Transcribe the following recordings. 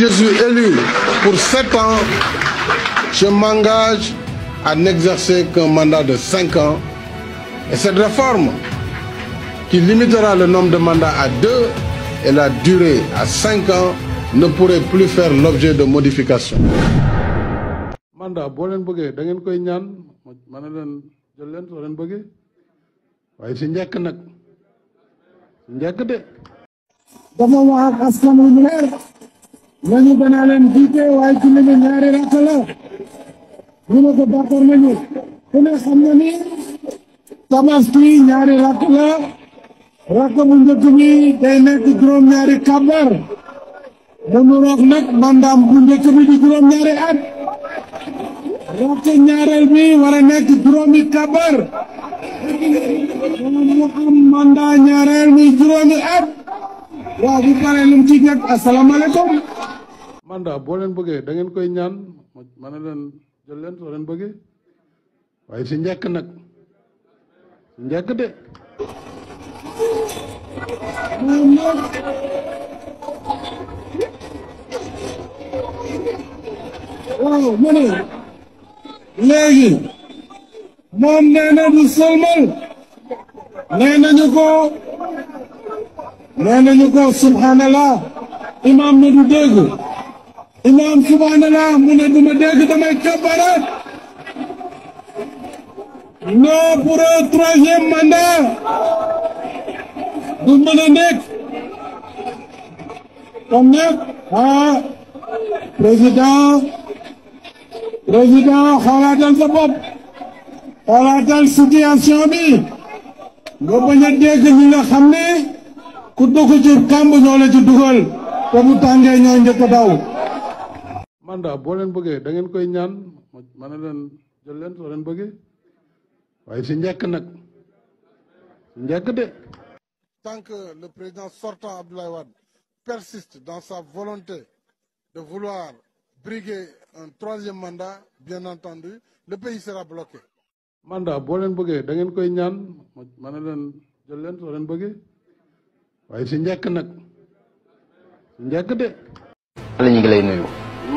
je suis élu pour 7 ans, je m'engage à n'exercer qu'un mandat de 5 ans. Et cette réforme, qui limitera le nombre de mandats à 2 et la durée à 5 ans, ne pourrait plus faire l'objet de modifications. mandat nañu danaa leen jiite waaye julli bi ñaari rakk la ñu ne ko d'accord nañu xam na ni tabaski ñaari rakk la rakk bu njëkk bi day nekk juróom-ñaari kabar dañu roog nag mandaam bu njëkk bi di juróom-ñaari at rakk ñaareel bi war a nekk juróomi kabar wala mu am mandat ñaareel bi juróomi at waaw bu paree lu mu ci nekk asalaamaaleykum mandat boo leen bëggee da ngeen koy ñaan ma ne leen jël leen soo leen bëggee waaye si njëkk nag si njëkk de. waaw ma léegi moom nee na du sëlmal nee nañu ko nee nañu ko subhanallah imam mi du dégg imam Subhanallah, mune दुमदे deg तमे कबरा no pura troisième mandat du mën nek comme ha ah président président xoolaatal sa bopp xoolaatal situation bi nga bañ a dégg ñi nga ku dugg ci kàmb ñoo la ci dugal ko mu tangé ñoo ñëk mandat boo leen bëggee da ngeen koy ñaan ma ne leen jël leen soo leen bëggee waaye si njëkk nag si njëkk de. tant que le président sortant Abdoulaye Wade persiste dans sa volonté de vouloir briguer un troisième mandat bien entendu le pays sera bloqué. mandat boo leen bëggee da ngeen koy ñaan ma ne leen jël leen soo leen bëggee waaye si njëkk nag si njëkk de. ñu ngi lay nuyu.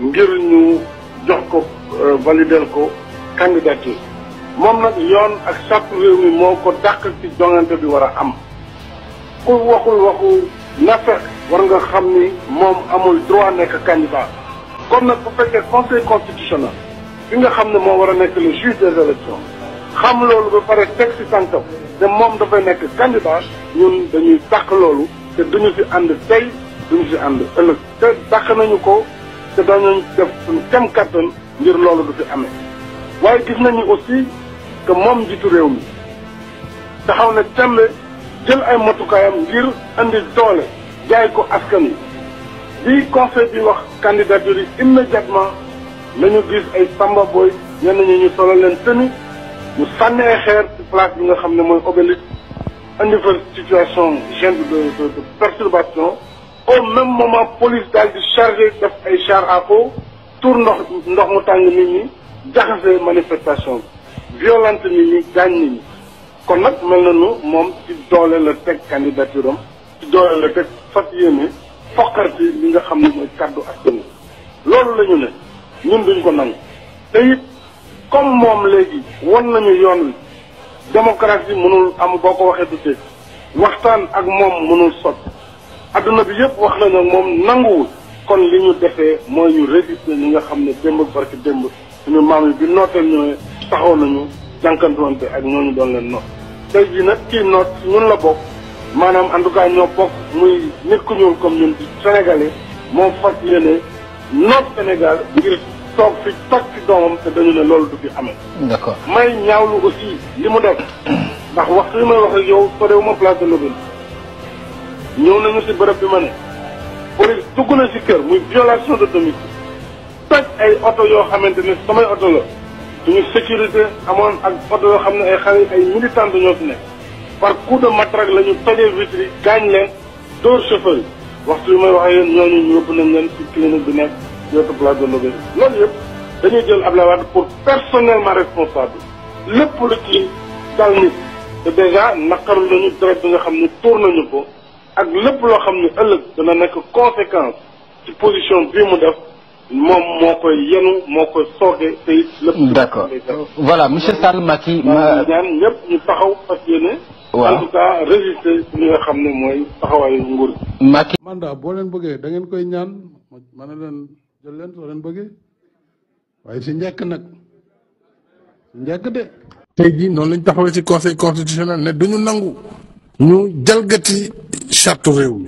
ngir ñu jox ko euh, validel ko candidature moom nag yoon ak sàkku réew mi moo ko dàq ci joŋante bi war a am ku waxul waxu nafeq war nga xam ni moom amul droit nekk candidat kon nag bu fekkee conseil constitutionnel bi nga xam ne moo war a nekk le juge des élections xam loolu ba pare teg ci tànkam te moom dafay nekk candidat ñun dañuy dàq loolu te duñu ci ànd tey duñu ci ànd ëllëg te dàq nañu ko te dañu def suñ kem ngir loolu du fi amee waaye gis nañu aussi que moom njiitu réew mi taxaw na tembe jël ay matukaayam ngir indi doole jaay ko askan yi bi conseil bi wax candidature yi immédiatement nañu gis ay Samba Boy ñenn ñi ñu solo leen tëni ñu sànni ay xeer ci place bi nga xam ne mooy obélisque andi fa situation gêne de de perturbation au même moment police chargée chargée de def ay char à eau tour ndox ndox mu tang manifestation violente nit ñi nous nit nous kon nag mel nañu moom ci doole la teg candidature am ci doole la teg fas yéene foqarti li nga xam ne mooy la ne ñun duñ ko nangu comme moom léegi won nañu démocratie mënul am boo ko waxee waxtaan ak moom mënul adduna bi yëpp wax nañu moom nanguwul kon li ñu defee mooy ñu résister ñi nga xam ne démb barki démb suñu maam yi bi nooteel ñooy taxaw nañu jànkantoonte ak ñooñu doon leen noot tey jii nag kii noot ñun la bokk maanaam en tout cas ñoo bokk muy nit ku ñuul comme ñun di moom fas yéene noot Sénégal ngir toog fi toog fi doomam te dañu ne loolu du fi amee. d'accord may ñaawlu aussi li mu def. ndax waxtu bi may wax ak yow sorewuma place de l'Obélisque ñëw nañu si bërëb bi ma ne police dugg na si kër muy violation de domicile toj ay oto yoo xamante ni samay oto la suñu sécurité amoon ak oto yoo xam ne ay xale ay militant dañoo fi nekk par coup de matraque la ñu tojee vitre yi gaañ leen dóor chauffeur yi waxtu bi may wax ak yéen ñooñu ñu yóbbu nañ leen ci clinique bi nekk yootu place de Louga loolu yëpp dañuy jël Abdoulaye Wade pour personnellement responsable lépp lu ci dal nit te dèjà naqaru nañu deret bi nga xam ne tuur nañu ko ak lépp loo xam ne ëllëg dana nekk conséquence ci position bii mu def moom moo koy yenu moo koy sooge te it lépp d'accord voilà monsieur Sall Macky ma ñaan ñëpp ñu taxaw fas yéene waaw en tout cas résister li nga xam ne mooy taxawaayu nguur gi Macky mandat boo leen bëggee da ngeen koy ñaan ma ne leen jël leen soo leen bëggee waaye si njëkk nag si njëkk de tey jii noonu lañ taxawee ci conseil constitutionnel ne duñu nangu ñu jalgati charte réew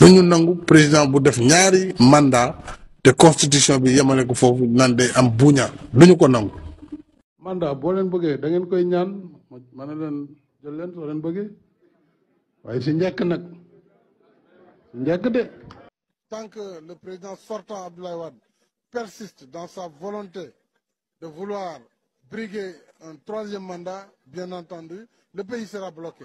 nous lu le président bu def ñaari mandat de constitution de yemale ko Nande ambounia Nous am buña Le mandat si vous bëggee da ngeen koy ñaan ma le jël vous soo leen bëggee waaye si njëkk nag si de. tant que le président sortant Abdoulaye Wad persiste dans sa volonté de vouloir briguer un troisième mandat, bien entendu, le pays sera bloqué.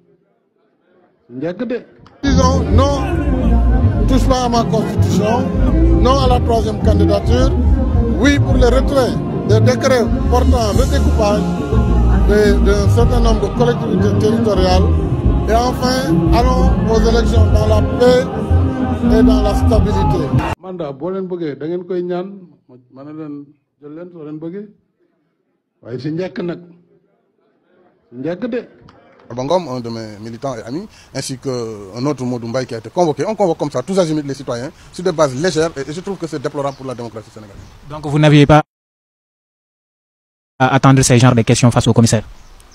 disons non touche pas à ma constitution non à la troisième candidature oui pour le retrait des décrets portant le découpage d'un certain nombre de collectivités territoriales et enfin allons aux élections dans la paix et dans la stabilité. Bangom, un de mes militants et amis, ainsi qu'un autre Modumbaï qui a été convoqué. On convoque comme ça tous les citoyens sur des bases légères et je trouve que c'est déplorable pour la démocratie sénégalaise. Donc vous n'aviez pas à attendre ces genres de questions face au commissaire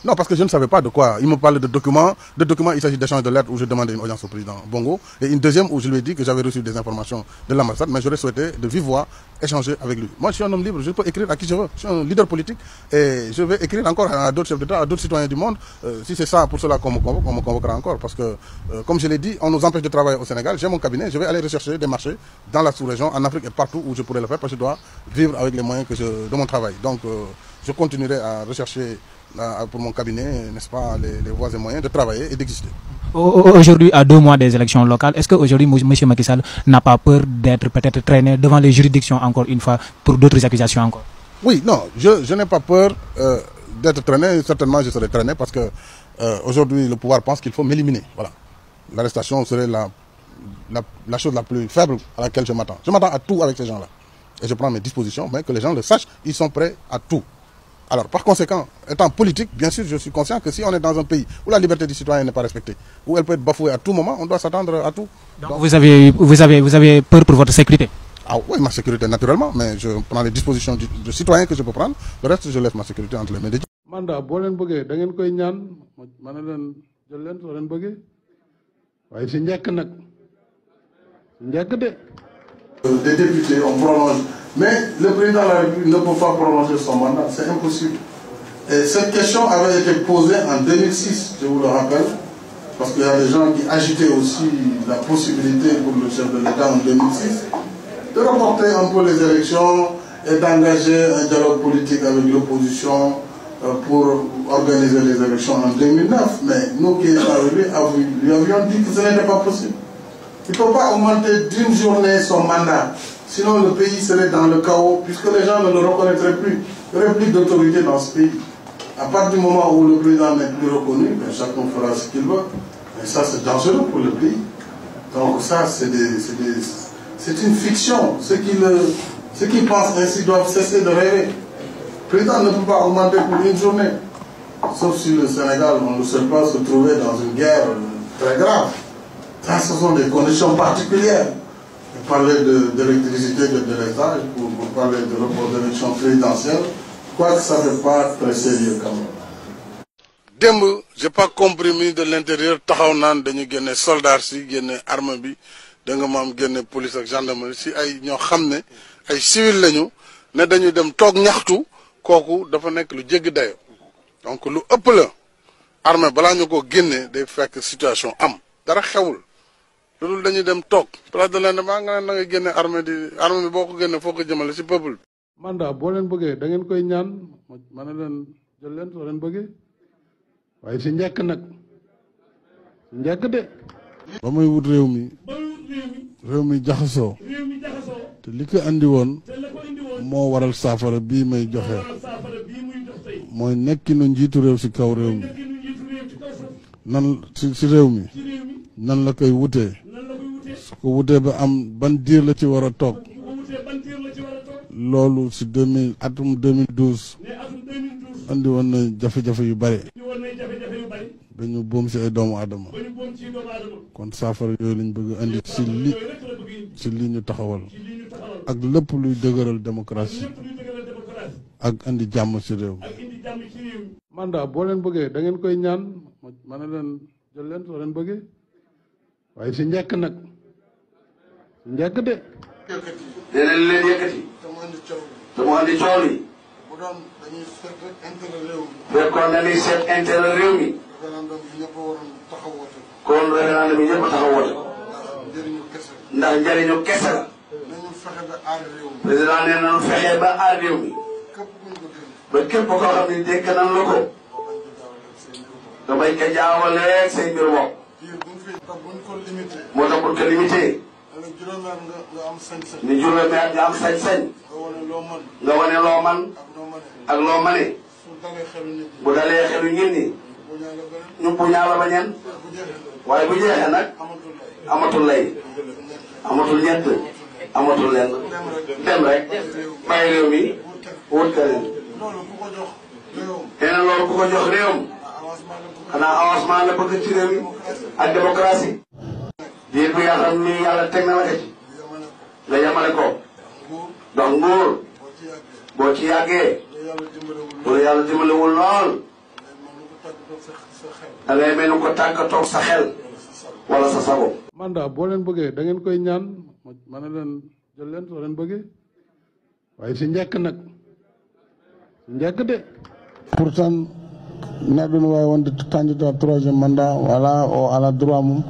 non, parce que je ne savais pas de quoi. Il me parlait de documents. De documents, il s'agit d'échanges de lettres où je demandais une audience au président Bongo. Et une deuxième où je lui ai dit que j'avais reçu des informations de l'ambassade, mais j'aurais souhaité de vivre échanger avec lui. Moi, je suis un homme libre, je peux écrire à qui je veux. Je suis un leader politique et je vais écrire encore à d'autres chefs d'État, à d'autres citoyens du monde. Euh, si c'est ça, pour cela qu'on me convoque, convoquera encore. Parce que, euh, comme je l'ai dit, on nous empêche de travailler au Sénégal. J'ai mon cabinet, je vais aller rechercher des marchés dans la sous-région, en Afrique et partout où je pourrais le faire, parce que je dois vivre avec les moyens que de mon travail. Donc, euh, je continuerai à rechercher pour mon cabinet, n'est-ce pas, les, voies et moyens de travailler et d'exister. Aujourd'hui, à deux mois des élections locales, est-ce qu'aujourd'hui, M. Macky Sall n'a pas peur d'être peut-être traîné devant les juridictions encore une fois pour d'autres accusations encore Oui, non, je, n'ai pas peur euh, d'être traîné. Certainement, je serai traîné parce que euh, aujourd'hui, le pouvoir pense qu'il faut m'éliminer. Voilà. L'arrestation serait la, la, la chose la plus faible à laquelle je m'attends. Je m'attends à tout avec ces gens-là. Et je prends mes dispositions, mais que les gens le sachent, ils sont prêts à tout. Alors, par conséquent, étant politique, bien sûr, je suis conscient que si on est dans un pays où la liberté du citoyen n'est pas respectée, où elle peut être bafouée à tout moment, on doit s'attendre à tout. vous, avez, peur pour votre sécurité ah oui, ma sécurité naturellement, mais je prends les dispositions du, citoyen que je peux prendre. Le reste, je laisse ma sécurité entre les mains des mandat euh, des députés, on prolonge. Mais le président de la République ne peut pas prolonger son mandat, c'est impossible. Et cette question avait été posée en 2006, je vous le rappelle, parce qu'il y a des gens qui agitaient aussi la possibilité pour le chef de l'État en 2006 de reporter un peu les élections et d'engager un dialogue politique avec l'opposition euh, pour organiser les élections en 2009. Mais nous qui sommes arrivés, lui avions dit que ce n'était pas possible. Il ne peut pas augmenter d'une journée son mandat. Sinon, le pays serait dans le chaos, puisque les gens ne le reconnaîtraient plus. Il n'y aurait plus d'autorité dans ce pays. À partir du moment où le président n'est plus reconnu, ben, chacun fera ce qu'il veut. Et ça, c'est dangereux pour le pays. Donc ça, c'est une fiction. Ceux qui, ceux qui pensent ainsi doivent cesser de rêver. Le président ne peut pas augmenter pour une journée. Sauf si le Sénégal, on ne sait pas, se trouver dans une guerre euh, très grave. Ça, ce sont des conditions particulières. Vous parlez d'électricité, de, délestage, vous, vous parlez de report d'élection présidentielle. Quoique ça ne pas très sérieux comme. même. j'ai pas compris ministre de l'intérieur taxaw naan dañu génne soldats si génne arme bi da nga maam génne police ak gendarmerie si ay ñoo xam ne ay civil lañu ne dañu dem toog ñaxtu kooku dafa nekk lu jégg dayo donc lu ëpp la armée balaa ñu ko génne day fekk situation am dara xewul lu dul dañuy dem toog place leen l'indépendance nga ne na génne armée di armée bi boo ko génne foo ko jëmale si peuple bi boo leen bëggee da ngeen koy ñaan ma ne leen jël leen soo leen bëggee waaye si njekk nag njekk de ba muy wut réew mi réew mi jaxasoo te li ko andi woon moo waral saafara bii may joxe mooy nekkinu njiitu réew si kaw réew mi nan si réew mi nan la koy wutee su ko wutee ba am ban diir la ci war a toog. loolu si deux mille atum deux mille douze. andi woon na jafe-jafe yu bare. dañu boom ay doomu aadama. kon saafara yooyu lañ bëgg andi si li si li ñu taxawal. ak lépp luy dëgëral démocratie. ak andi jàmm si réew. mandat boo leen bëggee dangeen koy ñaan ma leen jël leen soo leen bëggee waaye si njëkk nag. njëkk de. yëkkati. leneen li leen yëkkati. te mu andi coow li. te seet intérêt réew mi. fekkoon ndax njëriñu kese la. ndax njëriñu kese la. nañu mi. ba aar réew mi. képp ku ñu ko dénk. ba képp koo xam ne dénk nañ la ka jaawaleeg ne juróomi at nga am sañ-sañ. nga wane loo man ak loo mane. bu dalee xelu nit ñi. ñu puñaa la bañeen waaye bu jeexee nag amatul lay amatul ñett amatul lenn dem rek bàyyi réew mi wut keneen nee loolu ku ko jox ah, la bëgg réew mi ak démocratie diir bi ni yàlla teg la ci nga yamale ko dox nguur boo ci yàggee bu la yàlla dimbalewul lool da ngay ko tàgg toog sa xel wala sa sago mandat boo leen bëggee da ngeen koy ñaan ma ne jël leen soo leen bëggee waaye de pourtant mandat wala o ala droit mum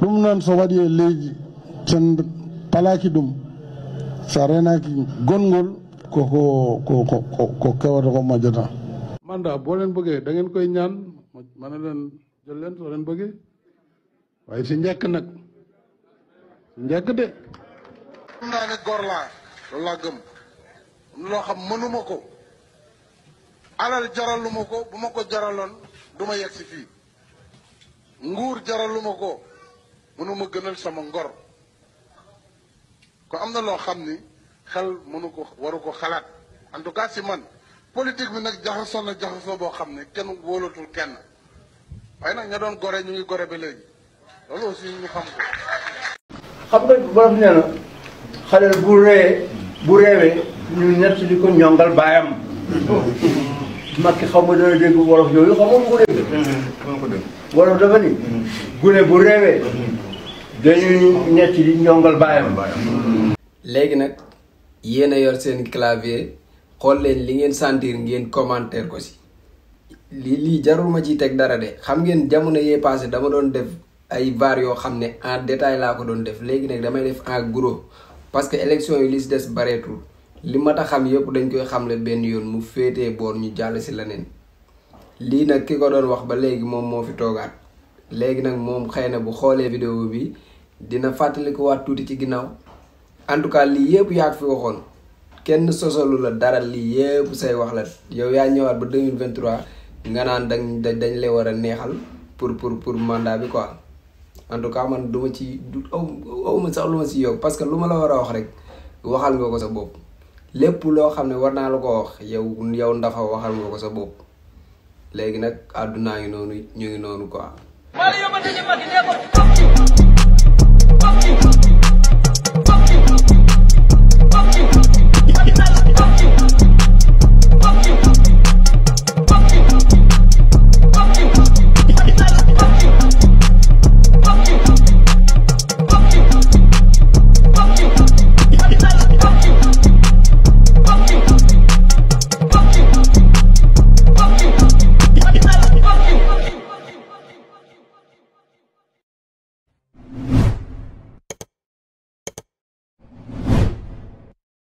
dum non so wadi e leydi palaki dum sa renaki gongol koko ko ko ko majjata manda boo leen bëggee da ngeen koy ñaan man ne leen jël len so len beugé way ci ñek nak ñek de na nga gor la la gem lo xam mënuma ko alal jaraluma ko ko jaralon duma ma yegg si nguur jaraluma ko mënuma gënal sama ngor ko am na loo xam ni xel mënu ko waru ko xalaat en tout cas si man politique bi nag jaxasoo na jaxasoo boo xam ne kenn wóolatul kenn waaye nag ña doon gore ñu ngi gore ba léegi loolu aussi ñu xam ko xam nga borof nee bu ree ñu nett li ko ñongal ma dana dégg wolof yooyu xaw ma mu mm-hmm. ko dégg wolof dafa ni gune bu reewee dañuy ñett di ñongal baayam léegi nag yéen a yor seen clavier xool leen li ngeen sentir ngeen commentaire ko si lii lii jarul ma ciy teg dara de xam ngeen jamono yee passé dama doon def ay var yoo xam ne en détail laa ko doon def léegi nag damay def en guro parce que élection yi li si des bareetul li mat a xam yëpp dañ koy xam xamle benn yoon mu féetee boor ñu jàll si leneen lii nag ki ko doon wax ba léegi moom moo fi toogaat léegi nag moom xëy na bu xoolee vidéo bi dina ko wat touti ci ginnaw en tout cas li yeb yaa fi waxoon kenn sosolu la dara li yeb say wax la yow ya ñewat ba 2023 nga nan dañ dañ lay wara neexal pour pour pour mandat bi quoi en tout cas man duma ci aw ma sax lu ma si yow parce que luma la wara wax rek waxal nga ko sa bop lepp lo xamne ne war naa la ko wax yow yow ndafa waxal nga ko sa bop legui nak aduna ngi nonu ñu ngi nonu quoi. fuck you.